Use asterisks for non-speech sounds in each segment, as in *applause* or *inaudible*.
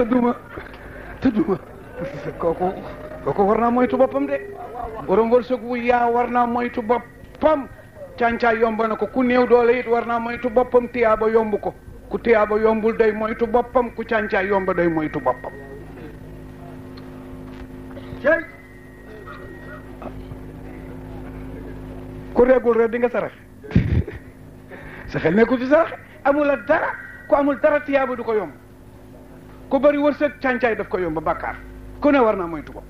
te duma kooku kooku war naa moytu boppam de borom wërsëg wu yaa war moytu boppam càncaa yomb na ko ku néew doole it war naa moytu boppam tiyaaba yomb ko ku tiyaaba yombul day moytu boppam ku càncaa yomba day moytu boppam cey ku reegul rek sarax *laughs* sa xel nekkul ci sarax amul dara ku amul dara tiyaaba du ko yomb ku bëri wërsëg càncaay daf ko yomb bàkkaar ku ne war naa moytu bopp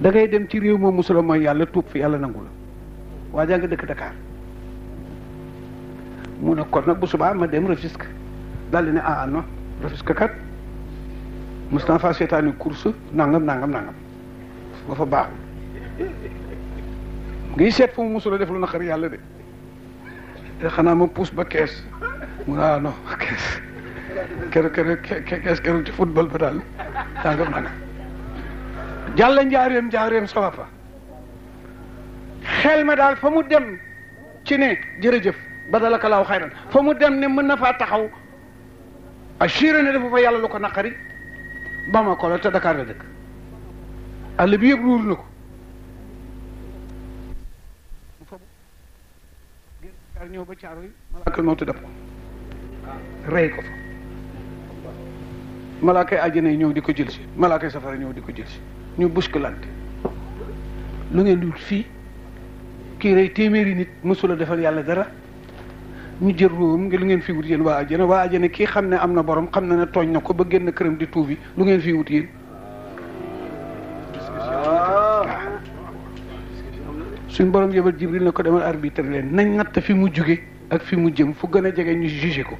da ngay dem ci réew moo musula mooy yàlla tuub fi yàlla nangu la waa jaa nga dëkk Dakar mu ne kon nag bu subaa ma dem Rufisque daal di ne ah, ah non Rufisque kat mos naa faa seetaani course nangam nangam nangam ba fa baaxul seet fu mu musula def lu naqar yàlla de eh, xanaa ma puus ba kees mu ne ah non kees keroog kees keroog ci football ba daal daa nga mën a jàll njaareem njaareem sama fa xel ma daal fa mu dem ci ne jërëjëf badalaka laaw xayran fa mu dem ne mën na faa taxaw assuré ne dafa fa yàlla lu ko naqari Bamako la te Dakar la dëkk àll bi yëpp ruur na ko mu fa ñëw ba caaro yi malaakal mawti dab ko rey ko fa malaakay àjjana yi ñëw di ko jël si malaakay safara ñëw di ko jël si ñu buskilante lu ngeen dul fii kii rey téeméeri nit mësula defal yàlla dara ñu jël ruum ngi lu ngeen fi wut yéen waa àjjana waa àjjana kii xam ne am na borom xam na ne tooñ na ko ba génn këram di tuubi lu ngeen fi wut yéen suñ borom yëbal jibril na ko demal arbitre leen nañ natt fi mu jóge ak fi mu jëm fu gën a jege ñu jugé ko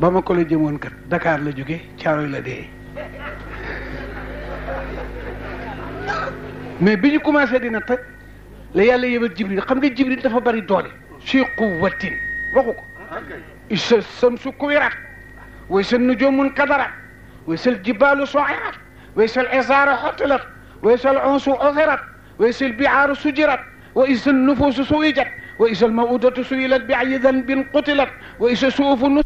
ba ma ko la jëmoon kër Dakar la jóge Caaroy la dee mais bi ñu commencé dina toj la yàlla yëbal jibril xam nga jibril dafa bari doole fii quwwatin waxu ko isa samsu kuwirat way sa nujumun kadarat way sal jibalu soirat way sal isaara xotilat way sal onsu osirat way sal biaaru sujirat wa isa nufusu suwijat wa isa almawudatu suilat bi ayi danbin qutilat wa isa suufu nus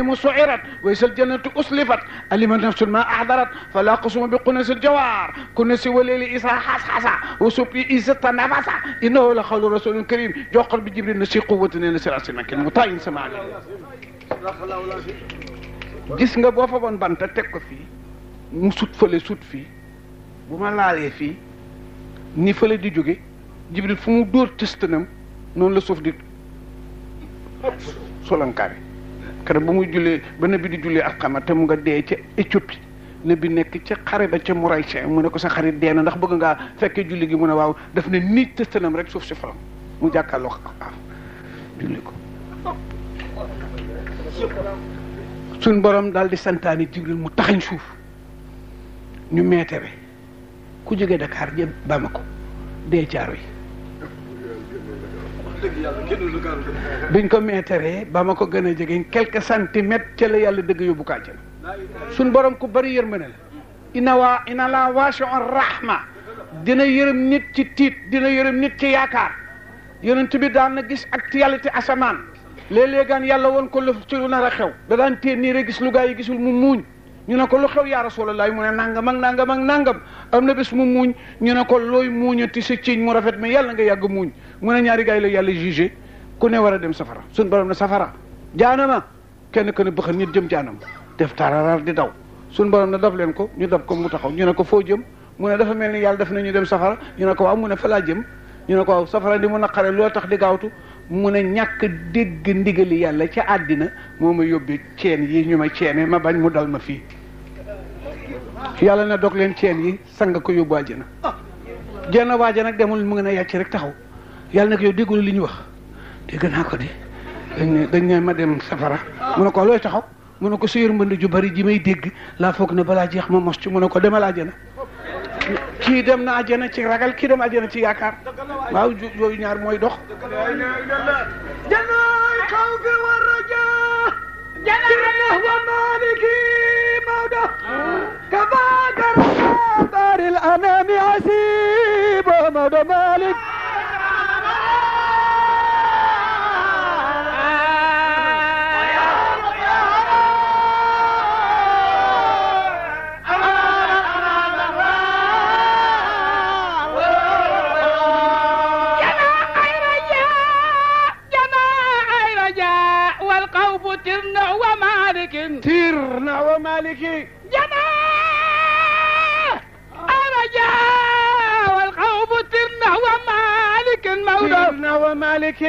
اليتيم سعرت وإذا الجنة أسلفت علم نفس ما أحضرت فلا قسم بقنس الجوار كنس وليل إسرا حس حسا وسبي إزت نفسا إنه لقول رسول كريم جوقر بجبريل نسي قوة نسي راسنا كن مطاين سمعني gis nga boo fa bon banta teg ko fii mu sut fële sut fii bu ma laalee fii ni fële di jóge jibril fu mu dóor tëstanam noonu la suuf di solankaare keroog ba muy jullee ba nabi di jullee alxama te mu nga dee ca Éthiopie nabi nekk ca xare ba ca Muraysin mu ne ko sa xarit dee na ndax bëgg nga fekkee julli gi mu ne waaw daf ne nit tëstanam rek suuf si falam mu jàkkaarloo ko ak julli ko suñ borom daal di santaane Jibril mu taxañ suuf ñu meetare ku jógee Dakar jëm Bamako dee caaro yi biñ ko meetaree ba ma ko gën a jegeñ quelques centimètres ca la yàlla dëgg yóbbu ko àjjana suñ borom ko bëri yërmande la ina waa ina laa waasiu rahma dina yërëm nit ci tiit dina yërëm nit ci yaakaar yonent bi daan na gis actualité asamaan léeg-léegaan yàlla woon ko lu ci lu nar a xew da daan téye nii rek gis lu gaa yi gisul mu muuñ ñu ne ko lu xew yaa rasulallah mu ne nangam ak nangam ak nangam am na bés mu muuñ ñu ne ko looy muuñati si ciiñ mu rafet mi yàlla nga yàgg muuñ mu ne ñaari gars yi la yàlla jugé ku ne war a dem safara suñ borom ne safara jaanama kenn ku ne bëxën ñit jëm jaanam def tararaar di daw suñ borom ne daf leen ko ñu daf ko mu taxaw ñu ne ko foo jëm mu ne dafa mel ni yàlla def na ñu dem safara ñu ne ko waaw mu ne fa laa jëm ñu ne ko waaw safara di mu naqare loo tax di gaawtu mun a ñàkk dégg ndigali yàlla ca àddina moo ma yóbbee ceen yi ñu ma ceene ma bañ mu dal ma fii yàlla na dog leen ceen yi sang ko yóbbu àjjana jenn waaja nag demul mu ngi ne yàcc rek taxaw yàlla nag yow déggul li ñu wax dégg naa ko de dañ ne dañ ne ma dem safara mu ne ko looy taxaw mun ne ko suyur mbënd ju bari ji may dégg laa foog ne balaa jeex ma mos ci mu ne ko demal àjjana kii dem na àjjana ci ragal kii dem àjjana ci yaakaar waaw yooyu ñaar mooy dox janooy xaw fi war a jaa janooy wa maaliki mawdo kabaadar daaril anaami asiibo mawdo maalik سيدنا ومالك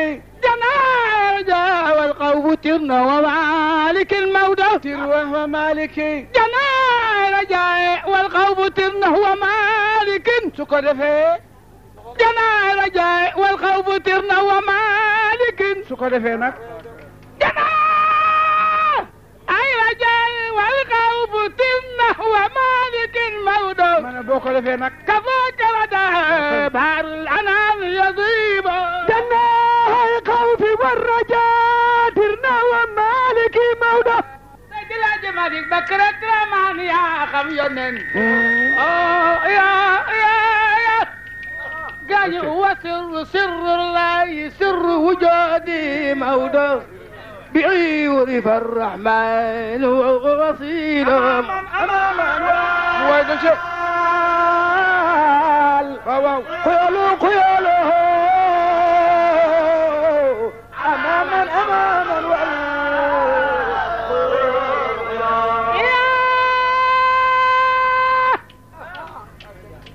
جناجا والقوم ترنا ومالك الموت تروه ومالك جناجا والقوم ترنا ومالك سكر فيه جناجا والقوم ترنا ومالك سكر فيه نك والقوم ترنا ومالك الموت من بوكر فيه نك وده بحر الأنام يضيب جناه الخوف والرجاء درنا ومالك موده دجلا جمالك بكرة رمان يا خم يونن يا يا قال هو سر سر الله سر وجودي موده بعيون فالرحمن وصيله أماما أماما أماما waaw waaw kuyalu kuyalu amaman amaman wal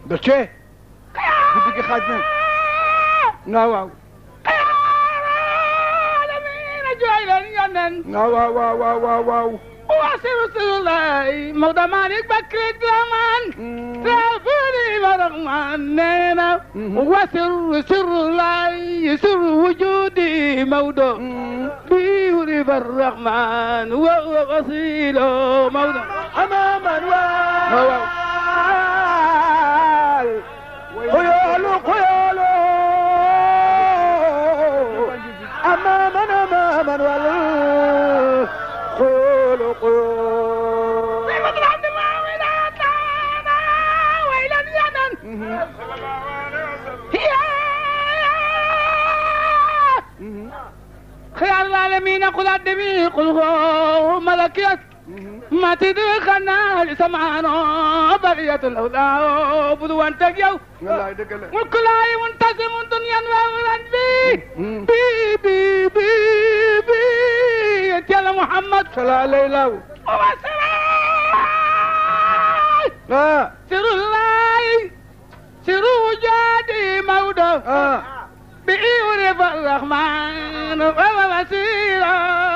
Dëcce guddi gi xaaj na waaw waaw waaw waaw waaw waaw waaw waaw برغمان نينا وسر سر العي سر وجودي مودو بيورب الرحمن وهو غسيل مودو أماما وال خيال خيال أماما أماما وال العالمين قل أدمي قل هو ملكيت ما تدخلنا سمعان بغية الأولى بدو أن تجيو وكل هاي منتظم دنيا وأولاد بي بي بي بي بي أنت يا محمد صلى الله عليه وسلم سر الله سر وجادي موده بإيون فالرحمن والوسيلة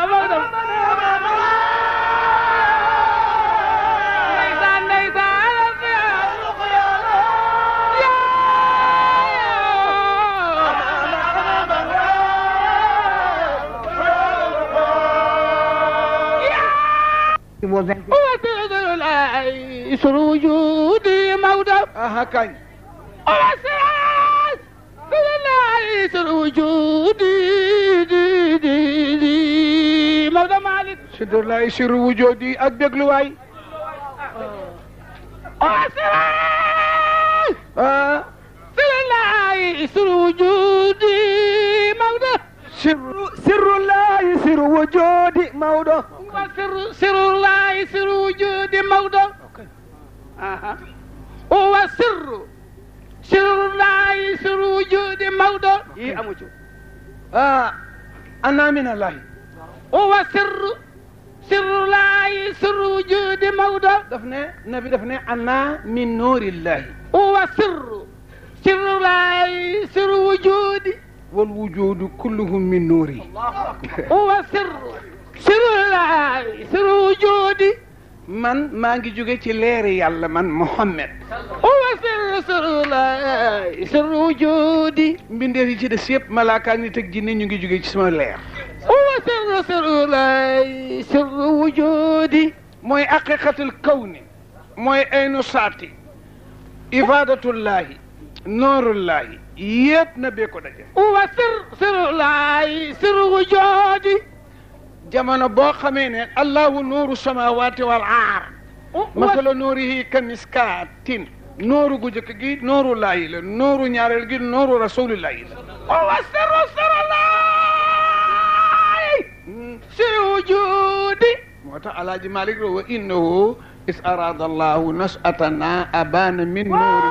وتعدل العيش وجودي موتى أها كاين تر وجودي Maodo Malick. Sidur wujudi ak dégluwaay. ah oh, Siré. ah. Siré laay wujudi Maodo. sirru sirru laay sirru wujudi Maodo. waaw sirru sirru laay wujudi Maodo. sirrullahi sirru wujudi mawdo yi amu ci ah, ana min allahi wa sirru sirrullahi sirru wujudi mawdo daf ne nabi daf ne ana min nuurillahi wa sirru sirrullahi sirru wujudi wal wujudu kulluhu min nuuri wa sirru sirrullahi sirru wujudi man maa ngi jóge ci leeri yàlla man Muhammad wa srla sru jodi mbindeef yi ci des yëpp malaaka ni teg jinne ñu ngi jóge ci sama leer wa sr srla sru jodi mooy haqiqatul kawni mooy aynu saati ifaadatullaahi noorullaahi yépp na bee ko daje wa sr srla sru jodi jamono boo xamee ne allahu nuuru samawati wal aar oh, masala nuurihi kamiskaatin nooru gu jëkk gi nooru laayi la nooru ñaareel gi nooru rasulillahi la wa wasiru siralaay si wujudi moo tax alaaji malik wa innahu is arada allahu nasatana abana min nuuri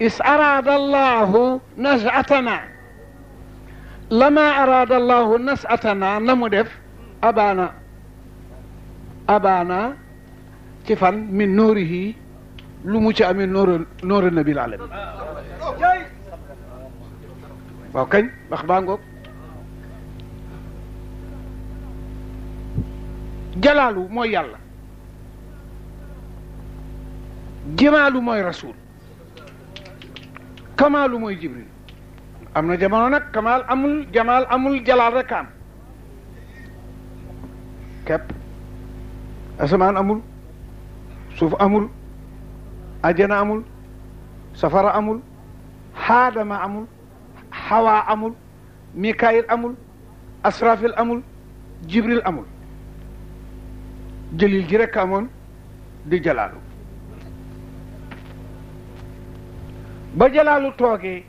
إذ أراد الله نزعتنا لما أراد الله نزعتنا نمدف أبانا أبانا كفن من نوره لمجا من نور نور النبي العالمين waaw kañ wax baa ngoog jalaalu mooy yàlla jimaalu mooy rasul kamaalu mooy jibril am na jamono nag kamaal amul jamaal amul jalaal rek am asamaan amul suuf amul ajana amul safara amul xaadama amul xawaa amul mikaayil amul asrafil amul jibril amul jëlil ji rek di jalaalu ba jalaalu toogee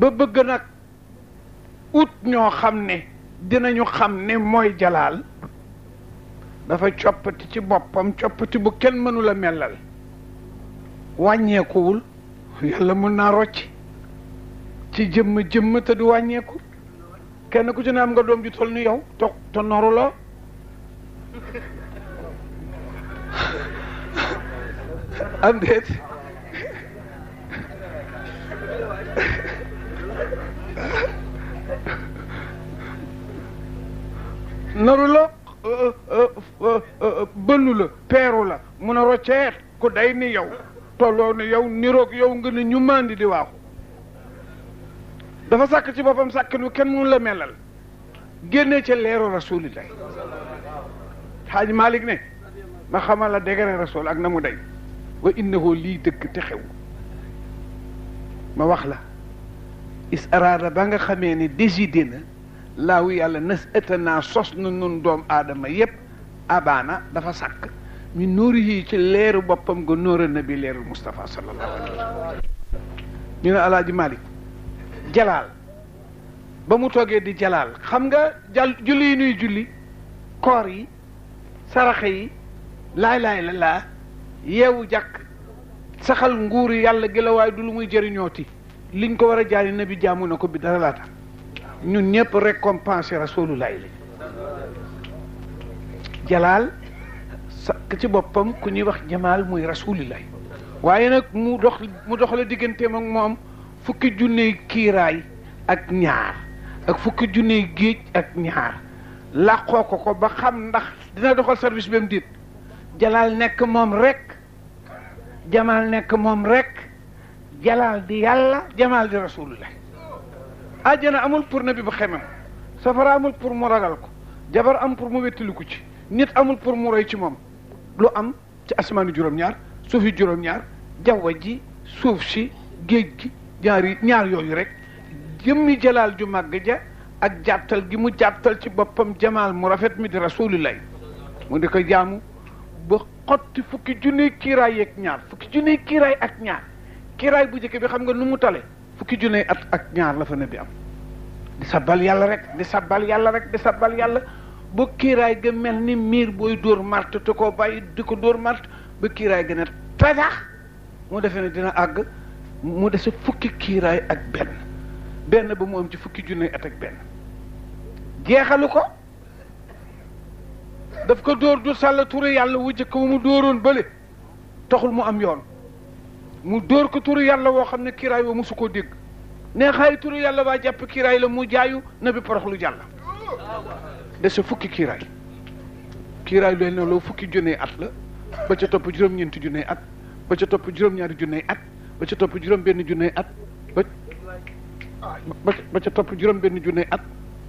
ba bëgg nag ut ñoo xam ne dinañu xam ne mooy jalaal dafa coppati ci boppam coppati bu kenn mënul a mellal wàññeekuwul yàlla mun naa rocc ci jëmm jëmm te du wàññeeku kenn ku ci ne am nga doom ju toll ni yow toog te noruloo *laughs* am déet naru la euh, euh, euh, bënnu la peeru la mun a rocceet ku day ni yow tolloo ni yow niroog yow nga ne ñu mandi di waaxu dafa sàkk ci boppam sàkk kenn mun la melal génne ca leeru rasulillah xaaj Malik ne ma xamal la dégare rasul ak na mu day wa innahu lii dëgg te xew ma wax la is araada ba nga xamee ni décidé na laaw yàlla na ëttanaa sos na nun doom aadama yépp abaana dafa sàkk mi nuuru yi ci leeru boppam nga nóora na bi leeru Moustapha sallallahu alayhi wa ñu ne alaaji jalaal ba mu toogee di jalaal xam nga jal julli yi nuy julli koor yi saraxe yi laay-laay la laa yeewu jàkk saxal nguur yàlla gi la du lu muy jëriñooti liñ ko war a jaari nabi jaamu na ko bi dara laata ñun ñëpp récompenser rasulullahi lañ jalaal sa ci boppam ku ñuy wax jamaal muy rasulullahi waaye nag mu dox mu dox la digganteem ak moom fukki junney kiiraay ak ñaar ak fukki junney géej ak ñaar làqoo ko ko ba xam ndax dina doxal service bi mu dit jalaal nekk moom rekk jamaal nekk moom rek jalaal di yàlla jamaal di rasulullah àjjana amul pour nabi bu xemam safara amul pour mu ragal ko jabar am pour mu wettiliku ci nit amul pour mu roy ci moom lu am ci asmaanu juróom-ñaar suuf yi jawwa ji suuf si géej gi ñaari ñaar yooyu rek jëmmi jalaal ju màgg ja ak jàttal gi mu jàttal ci boppam jamaal mu rafet mi di rasulillahi mu di jaamu ba xotti fukki junniy kiiraay yeeg ñaar fukki junniy kiiraay ak ñaar kiiraay bu njëkk bi xam nga nu mu tale fukki junne at ak ñaar la fa ne bi am di sabbal yàlla rek di sabbal yàlla rek di sabbal yàlla ba kiiraay ga mel ni miir booy dóor marte te koo bàyyi di ko dóor marte ba kiiraay ga ne tajax mu defee ne dina àgg mu dese fukki kiiraay ak benn benn ba mu am ci fukki junne at ak benn jeexalu ko daf ko dóor du sàll turu yàlla wu jëkk mu dóoroon bële taxul mu am yoon mu dóor ko turu yàlla woo xam ne kiraay wa mosu koo dégg neexaayu turu yàlla waa jàpp kiraay la mu jaayu na bi poroxlu jàll dese fukki kiraay kiraay fukki junne at la ba ca topp juróom junne at topp juróom-ñaari junne at ba topp juróom junne at ba ba topp juróom-benn junne at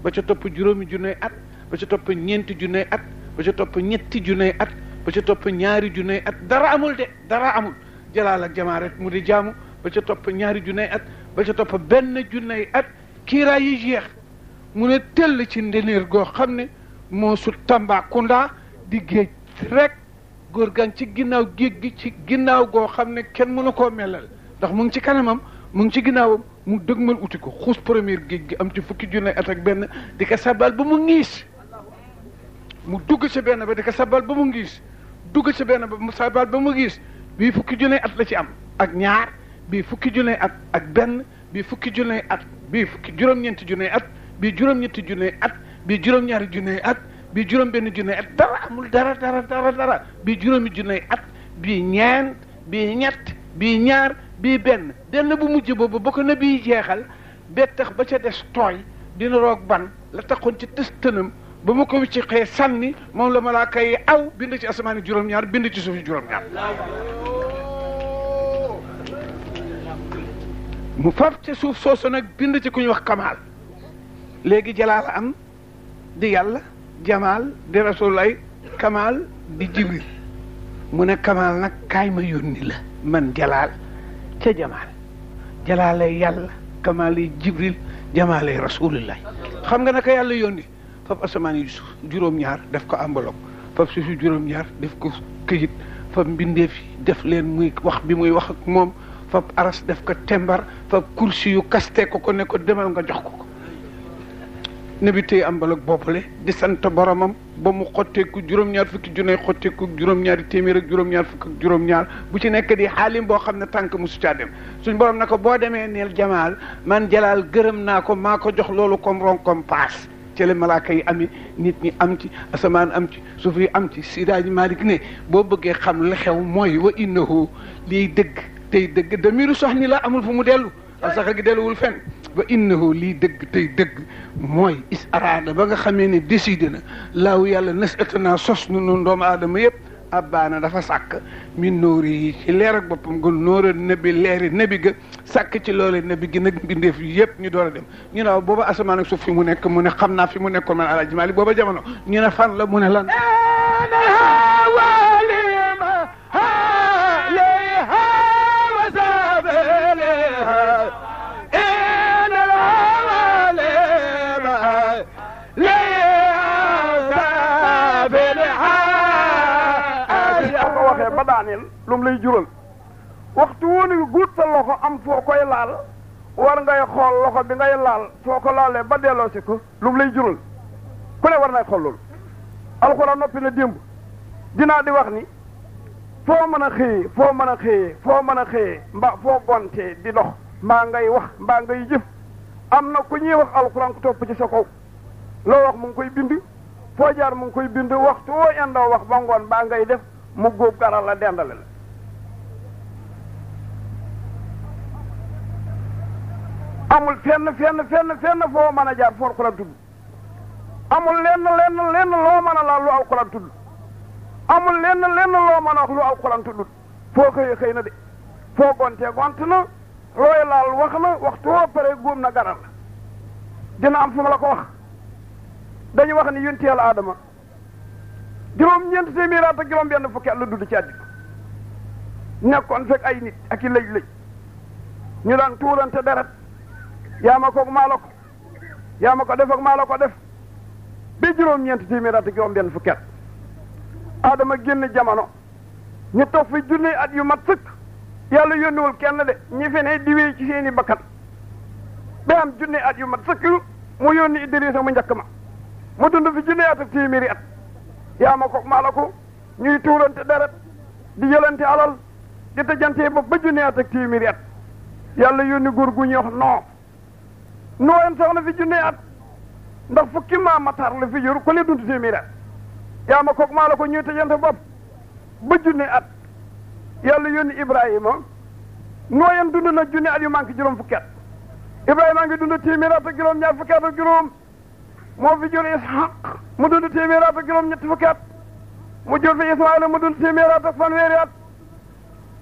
ba ca topp juróomi junne at ba ca topp ñeenti junne at ba ca topp ñetti at ba ca topp ñaari junne at dara amul de dara amul. jalaal ak jamaa rek mu di jaamu ba ca topp ñaari junney at ba ca topp benn junney at kiiraa yi jeex mu ne tell ci ndëneer goo xam ne moo su Tambacounda di géej rek góor gan ci ginnaaw géej gi ci ginnaaw goo xam ne kenn mënu koo melal ndax mu ngi ci kanamam mu ngi ci ginnaawam mu dëgmal uti ko xuus première géej gi am ci fukki junney at ak benn di ko sabal ba mu ngiis mu dugg ci benn ba di ko sabal ba mu ngiis dugg ci benn ba mu sabal ba mu ngiis bii fukki junne at la ci am ak ñaar bii fukki junne at ak benn bii fukki junne at bii fukki juróom-ñeenti junne at bii juróom-ñetti at bii juróom-ñaari junne at bii juróom-benn junne at dara amul dara dara dara dara bii juróomi junne at bii ñeent bii ñett bii ñaar bii benn benn bu mujj boobu ba ko na bii jeexal bee tax ba ca des tooy dina roog ban la taxoon ci tëstanam ba mu ko wicciqee sànni moom la malaaka yi aw bind ci asamaani juróom-ñaar bind ci suuf juróom-ñaar mu fab ci suuf soosu nag bind ci ku ñuy wax kamaal léegi jalaal am di yàlla jamaal di rasululay kamaal di jibril mu ne kamaal nag kaay ma yónni la man jalaal ca jamaal jalaalay yàlla kamaalay jibril jamaalay rasululay xam nga naka yàlla yónni fab asamaan yi suuf juróom-ñaar def ko enveloppe fab suuf yi juróom-ñaar def ko këyit fab mbindeef yi def leen muy wax bi muy wax ak moom fab aras def ko tembar fab kursi yu kaste ko ko ne ko demal nga jox ko ko ne bi tey enveloppe boppale di sant boromam ba mu xotteeku juróom-ñaar fukki junne xotteeku juróom-ñaari téeméer ak juróom-ñaar fukk ak juróom-ñaar bu ci nekk di xaalim boo xam ne tànk mosu caa dem suñ borom na ko boo demee neel jamaal man jalaal gërëm naa ko maa ko jox loolu comme ron comme paas ci la yi ami nit ñi am ci asamaan am ci suuf yi am ci sidaaji Maalik ne boo bëggee xam la xew mooy wa innahu liy dëgg tey dëgg damiru sox ni la amul fu mu dellu asaxa gi delluwul fenn wa innahu lii dëgg tey dëgg mooy is araada ba nga xamee ne décidé na laaw yàlla nas atanaa sos nu noonu doomu aadama yëpp abbaana dafa sàkk min nóori yi ci leer ak boppam gu nóora nabi leeri nabi ga sàkk ci loole nabi gi nag mbindeef yëpp ñu door a dem ñu ne waaw booba asamaan ak suuf fi mu nekk mu ne xam naa fi mu nekkoon man alaaji Maalik booba jamono ñu ne fan la mu ne lan daaneel lu mu lay jural waxtu woon guut sa loxo am foo koy laal war ngay xool loxo bi ngay laal soo ko laalee ba delloosi ko lu lay jural ku ne war nay xool loolu alxuraan noppi na démb dinaa di wax ni foo mën a xëyee foo mën a xëyee foo mën a xëyee mbaa foo gontee di dox mbaa ngay wax mbaa ngay jëf am na ku ñuy wax alxuraan ku topp ci sa kaw loo wax mu ngi koy bind foo jaar mu ngi koy bind waxtu woo indoo wax ba ngoon baa ngay def mu góob garal la dendale la amul fenn fenn fenn fenn foo mën a jaar foo alxuraan amul lenn lenn lenn loo mën a laal lu alxuraan tudd amul lenn lenn loo mën a wax lu alxuraan tudd foo xëyee xëy na de foo gontee gont na looy laal wax na waxtu pare góom na garal la dina am fu ma la ko wax dañu wax ni yunteel aadama juróom ñeent téeméer at ak juróom benn fukki at la dund ci nekkoon fekk ay nit ak i lëj-lëj ñu daan tuurante deret yaa ma koog ko yaa ma ko def ak maa ko def ba juróom ñeent téeméer at ak juróom benn fukki at génn jamono ñu toog fi junne at yu mat sëkk yàlla yónniwul kenn de ñi fi ne di ci seeni bakkan ba am at yu mat sëkk mu yónni Idrissa mu njëkk ma mu dund fi junne at ak téeméeri at yaa ma koog maalaku ñuy tuurante deret di yëlante alal di tëjantee ba ba junni at ak téeméeri at yàlla yónni góor gu ñuy wax noo nooyan sax na fi junni at ndax fukki maa matar la fi yor ko le dund téeméeri at yaa ma koog maalaku ñuy tëjante bopp ba junni at yàlla yónni Ibrahima nooyan dund na junni at yu manqué juróom fukki at Ibrahima a ngi dund téeméeri at ak juróom ñaar fukki at ak juróom moo fi jur Ishaq mu dund téeméer at ak juróom-ñetti fukki at mu jur fi Ismaayla mu dund téeméer at ak fanweeri at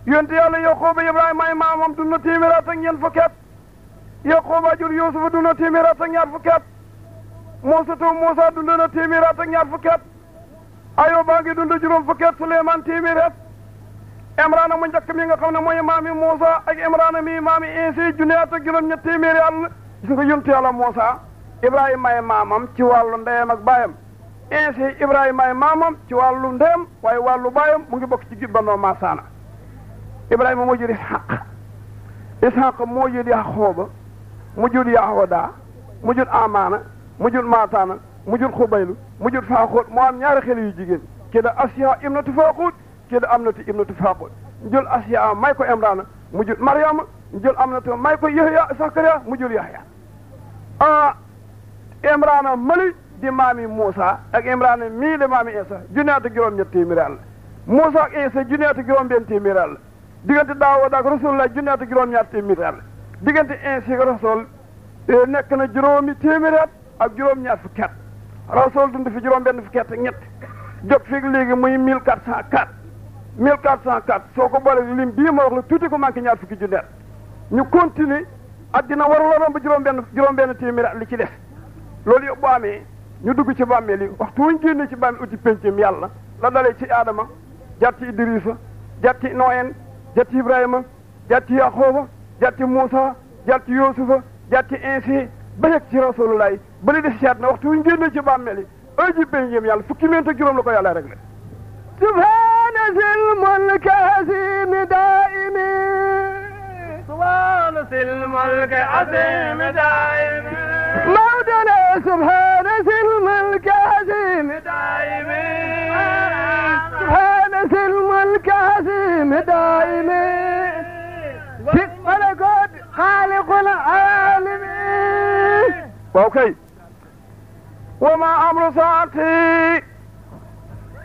yonte yàlla Yaquuba Ibrahima ay dund na téeméer at ak ñeent fukki jur Yuusufa dund na téeméer at ak ñaar fukki at dund na téeméer at ak ñaar fukki ngi dund juróom fukki Suleymaan téeméer Imraan mu njëkk mi nga xam ne mooy maami Muusa ak Imraan mi maami Iisaa junni at ak ñetti téeméeri at gis nga Ibrahima ay maamam ci wàllu ndeyam ak baayam ainsi Ibrahima ay maamam ci wàllu ndeyam waaye wàllu baayam mu ngi bokk ci gibbandoo Maasana Ibrahima moo jur Ishaq Ishaq moo jur Yaxooba mu jur Yahoda mu jur Amaana mu jur Maataana mu jur Xubaylu mu jur Faaxoot moo am ñaari xel yu jigéen kii da Asiya ibnatu Faaxoot kii da Amnatu ibnatu Faaxoot njël may ko Imraana mu jur Mariama njël Amnatu may ko Yahya Sakariya mu jur Yahya ah, imrana mali di maami Moussa ak imrana mii di maami Isa junni at ak juróom-ñett téeméeri at la Moussa ak Isa junni at ak juróom-benn téeméeri at la diggante Daawuda ak Rasulullah ak juróom-ñaar téeméeri at la diggante eh, nekk na juróomi téeméeri ak juróom-ñaar fukki at Rasul dund fi juróom-benn fukki at ak ñett jóg fii léegi muy mille quatre cent quatre mille quatre cent quatre soo ko boole lim bii ma wax la tuuti ko manqué ñaar fukki junni ñu continuer addina benn juróom-benn téeméeri at li ci des loolu yëpp boo amee ñu dugg ci bàmmeel yi waxtu wuñ génne ci bàmmeel uti pencam yàlla la dalee ci Adama jar ci Idrissa jar ci Ibrahima jar ci Yaxooba jar ci Muusa jar ci Yuusufa jar ba yegg ci Rasulullah ba li des ci àdduna waxtu wuñ génne ci bàmmeel yi heure ji pencam yàlla fukki minute juróom la ko yàlla réglé. subhaana zil mulki azimi daimi سبحان ذي الملك عظيم دائم مولانا سبحان ذي الملك عظيم دائم سبحان ذي الملك عظيم دائم في ملكوت خالق العالمين اوكي وما امر ساعتي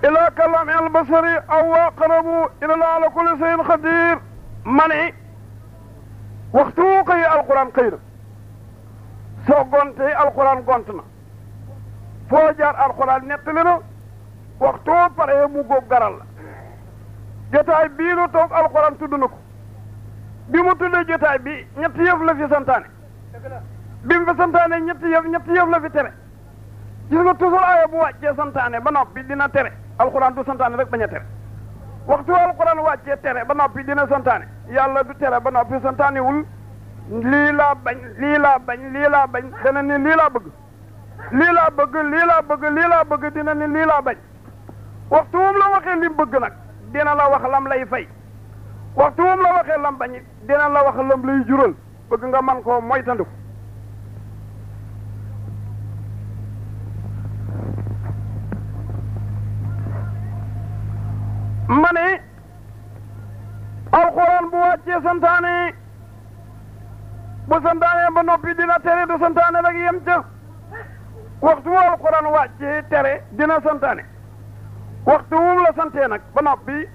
الى كلام البصري او اقرب الى الله على كل شيء قدير منعي waxtu woo xëy alquran xëy na soo gontee alquran gont na foo jaar alquran nettali na waxtu woo paree mu góob garal la jotaay bii nu toog alquran tudd na ko bii mu tuddee jotaay bi ñetti yëf la fi santaane bi mu fi santaane ñetti yëf ñetti yëf la fi tere gis nga toujours aaya bu wàccee santaane ba noppi dina tere alquran du santaane rek bañ tere waxtu wa alquran wàccee tere ba noppi dina santaane yàlla du tere ba noppi santaanewul lii laa bañ lii laa bañ lii laa bañ dana ni lii laa bëgg lii laa bëgg lii laa bëgg lii laa bëgg dina ni lii laa bañ waxtu wum la waxee li bëgg nag dina la wax lam lay fay waxtu wum la waxee lam bañ dina la wax lam lay jural bëgg nga man ko moytandiku bu santaane ba noppi dina tere du santaane rek yem ca waxtu wu alquran wàccee tere dina santaane waxtu la santee nag ba noppi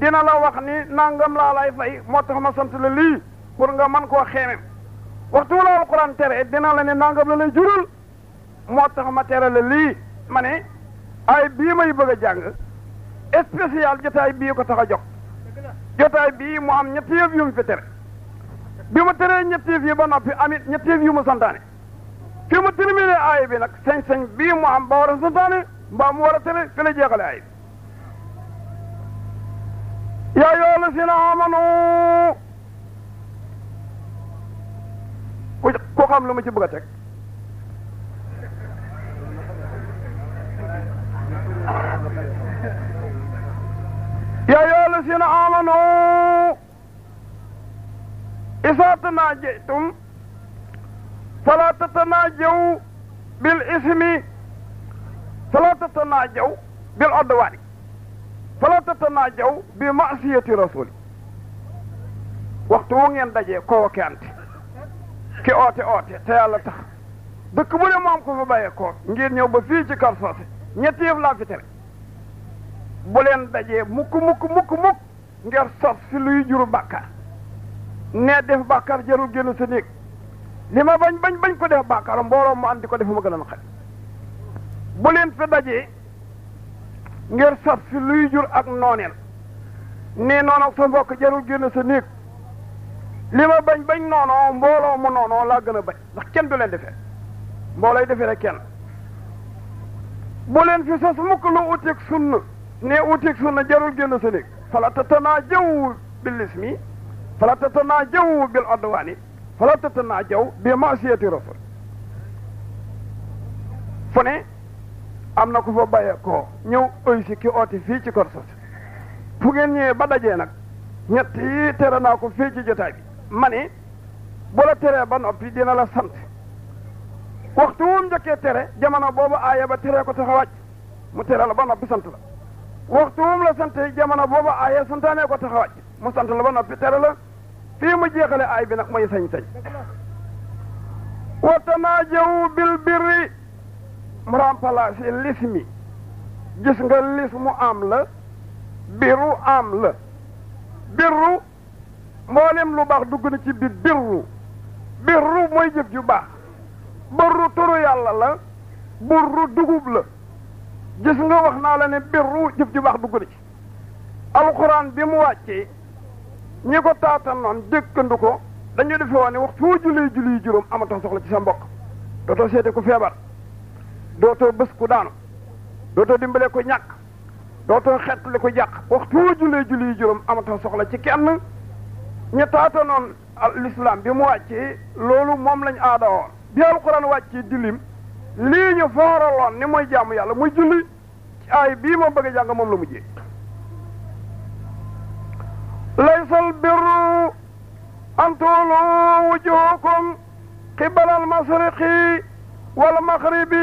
dina la wax ni nangam laa lay fay moo tax ma sant la lii pour nga man koo xeemem waxtu wu la alquran tere dina la ne nangam la lay jural moo tax ma tere la lii ma ne ay bii may bëgg a jàng spécial jotaay bii ko tax a jox jotaay bii mu am ñetti yëf yu fi tere bi ma tëree ñetti yëf yi ba noppi amit ñetti yëf yu ma santaane fi ma terminé aay bi nag sañ-sañ bii mu am ba war a santaane mbaa mu war tere fi jeexale aay yaa yoo la si na amanu ku ku xam lu ma ci bëgg yaa yoo la si na amanu isa tanaajatum fala tatanaajaw bil ismi fala tatanaajaw bil odwaani fala tatanaajaw bi masiyati rasuli waxtu wu ngeen dajee kooke ante ki oote oote te yàlla tax dëkk bu ne moom ko fa bàyyee koor ngir ñëw ba fii ci kar soose ñetti yëf laa fi tere bu leen dajee mukk mukk mukk mukk ngir sos fi luy juru bàkkaar ne def bakkar jarul génn sa néeg li ma bañ bañ bañ ko def bàkkaar mbooloo mu àndi ko defu ma gën a naqari bu leen fi dajee ngir sab si luy jur ak nooneel ne noonu ak sa mbokk jarul génn sa néeg li ma bañ bañ noonoo mbooloo mu noonoo laa gën a bañ ndax kenn du leen defee mbooloo defee rek kenn bu leen fi sos mukk lu uteeg sunna ne uteeg sunna jarul génn sa néeg fala tatanaa jëw bilis mi fala tatanaajaw bil odwaani fala tatanaajaw bi maasiyati rasul fu ne am na ko fa bàyyee koo ñëw uy ki ooti fii ci kor sos fu ñëwee ba dajee nag ñett yi tere naa ko fii ci jotaay bi ma ni la teree ba noppi dina la sant waxtu wum tere jamono boobu aaya ba teree ko tax mu tere la ba noppi sant la waxtu wum la sante jamono boobu aaya santaanee ko tax a mu sant la ba noppi tere la fii mu jeexale aay bi nag mooy sañ-sañ wa tanaajaw bil birri mu remplacé lismi gis nga mu am la biru am la birru mboolem lu baax dugg na ci biir birru birru mooy jëf ju baax burru turu yàlla la burru dugub la gis nga wax naa la ne birru jëf ju baax dugg na ci alxuraan bi mu wàccee ñi ko taatanoon dékkandu ko dañu defe woon ne waxtu woo julli juróom amatoo soxla ci sa mbokk dootoo seete ku feebar dootoo bés ku daanu dootoo dimbale ko ñàkk dootoo xettali ko jàq waxtu woo julli julli juróom amatoo soxla ci kenn ñi taatanoon l'islam bi mu wàccee loolu moom lañ aada woon bi alquran wàccee di lim lii ñu fooraloon ni mooy jaamu yàlla muy julli ci aay bi ma bëgg a jàng moom la mujjee laysa albirru an tuwallu wujuhakum qibala almasriqi walmaghribi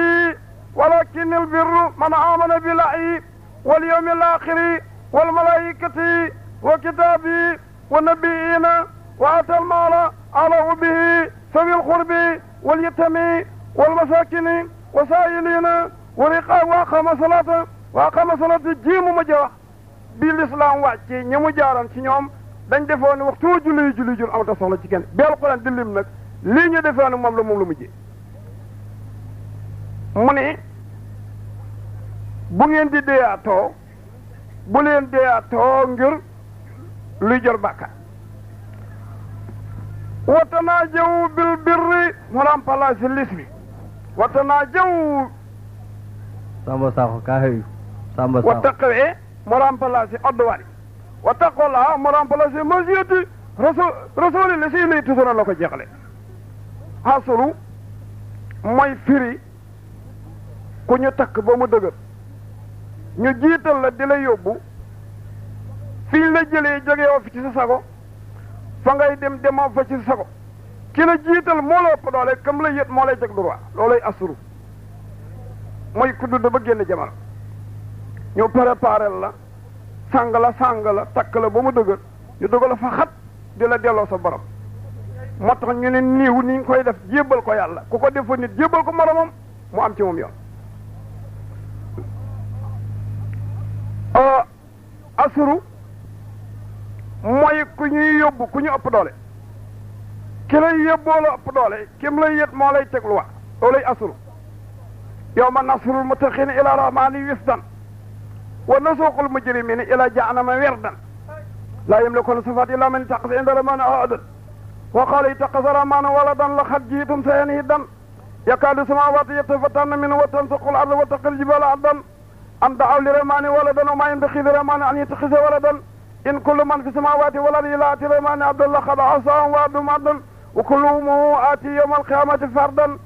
walakin albirru man amana billahi walyawmi alakhiri walmalaikati wa kitabi wa nabiyina wa ata almala ala hubbihi sawi alqurbi walyatami walmasakini wasailina wa riqa wa aqama salata wa aqama salata jiimu ma ja wax bi lislaam wàcce ñi mu jaaroon ci ñoom dañ defoon ne waxtu julli julli jul amata soxla ci kenn bi alquran di lim nag lii ñu defoon moom la moom la ngeen di deyaatoo bu leen deyaatoo ngir luy jor bàkkaar watanaa jëw bil birri maanaam palaasi lismi watanaa jëw samba saxo kaa xëyu samba saxo mu remplacé odduwaat wa taqola mu remplacé masiyati rasul rasulillah si lay tusuroon la ko jeexle xasulu mooy firi ku ñu takk ba mu dëgër ñu jiital la di la yóbbu fi ñu la jëlee jógewoo fi ci sa sago fa ngay dem demoo fa ci sa sago ki la jiital moo la ëpp doole kam la yët moo lay jag droit loolay asuru mooy ku ba génn jamono ñu préparel la sàng la sàng la takk la ba mu dëgër ñu dugal la fa xat di la delloo sa borom moo tax ñu ne niiw ni ñu koy def jébbal ko yàlla ku ko defa nit jébbal ko moromam mu am ci moom yoon euh, asuru mooy ku ñuy yóbbu ku ñu ëpp doole ki lay yóbboo la ëpp doole kim lay yët moo lay tegluwa loo lay asuru yow ma nasrul mutaqiin ila rahmaani wisdan wa nasuuqul mujrimiina ilaa jahannama wirdan laa yamlikuuna shafaa'at illaa man ittaxaza inda rahmaani ahdan wa qaala ittaxaza rahmaanu waladan laqad ji'tum shay'an iddan yakaadu samaawaatu yatafattarna minhu wa tanshaqul ardu wa taxirru jibaalu haddan an da'aw lirrahmaani waladan wa maa yanbagii lirrahmaani an yattaxiza waladan in kullu man fi samaawaati wal ardi illaa aati rahmaani abdan laqad ahsaahum wa addahum addan wa kulluhum aatiihi yawmal qiyaamati fardan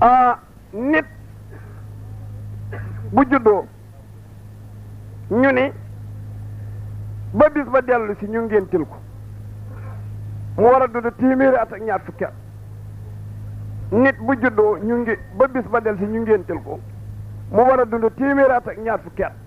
ah nit bu juddoo ñu ni ba bis ba dellu si ñu ngéntil ko mu war a dund téeméeri at ak ñaar fukki at nit bu juddoo ñu ngi ba bis ba dellu si ñu ngéntil ko mu war a dund téeméeri at ak ñaar fukki at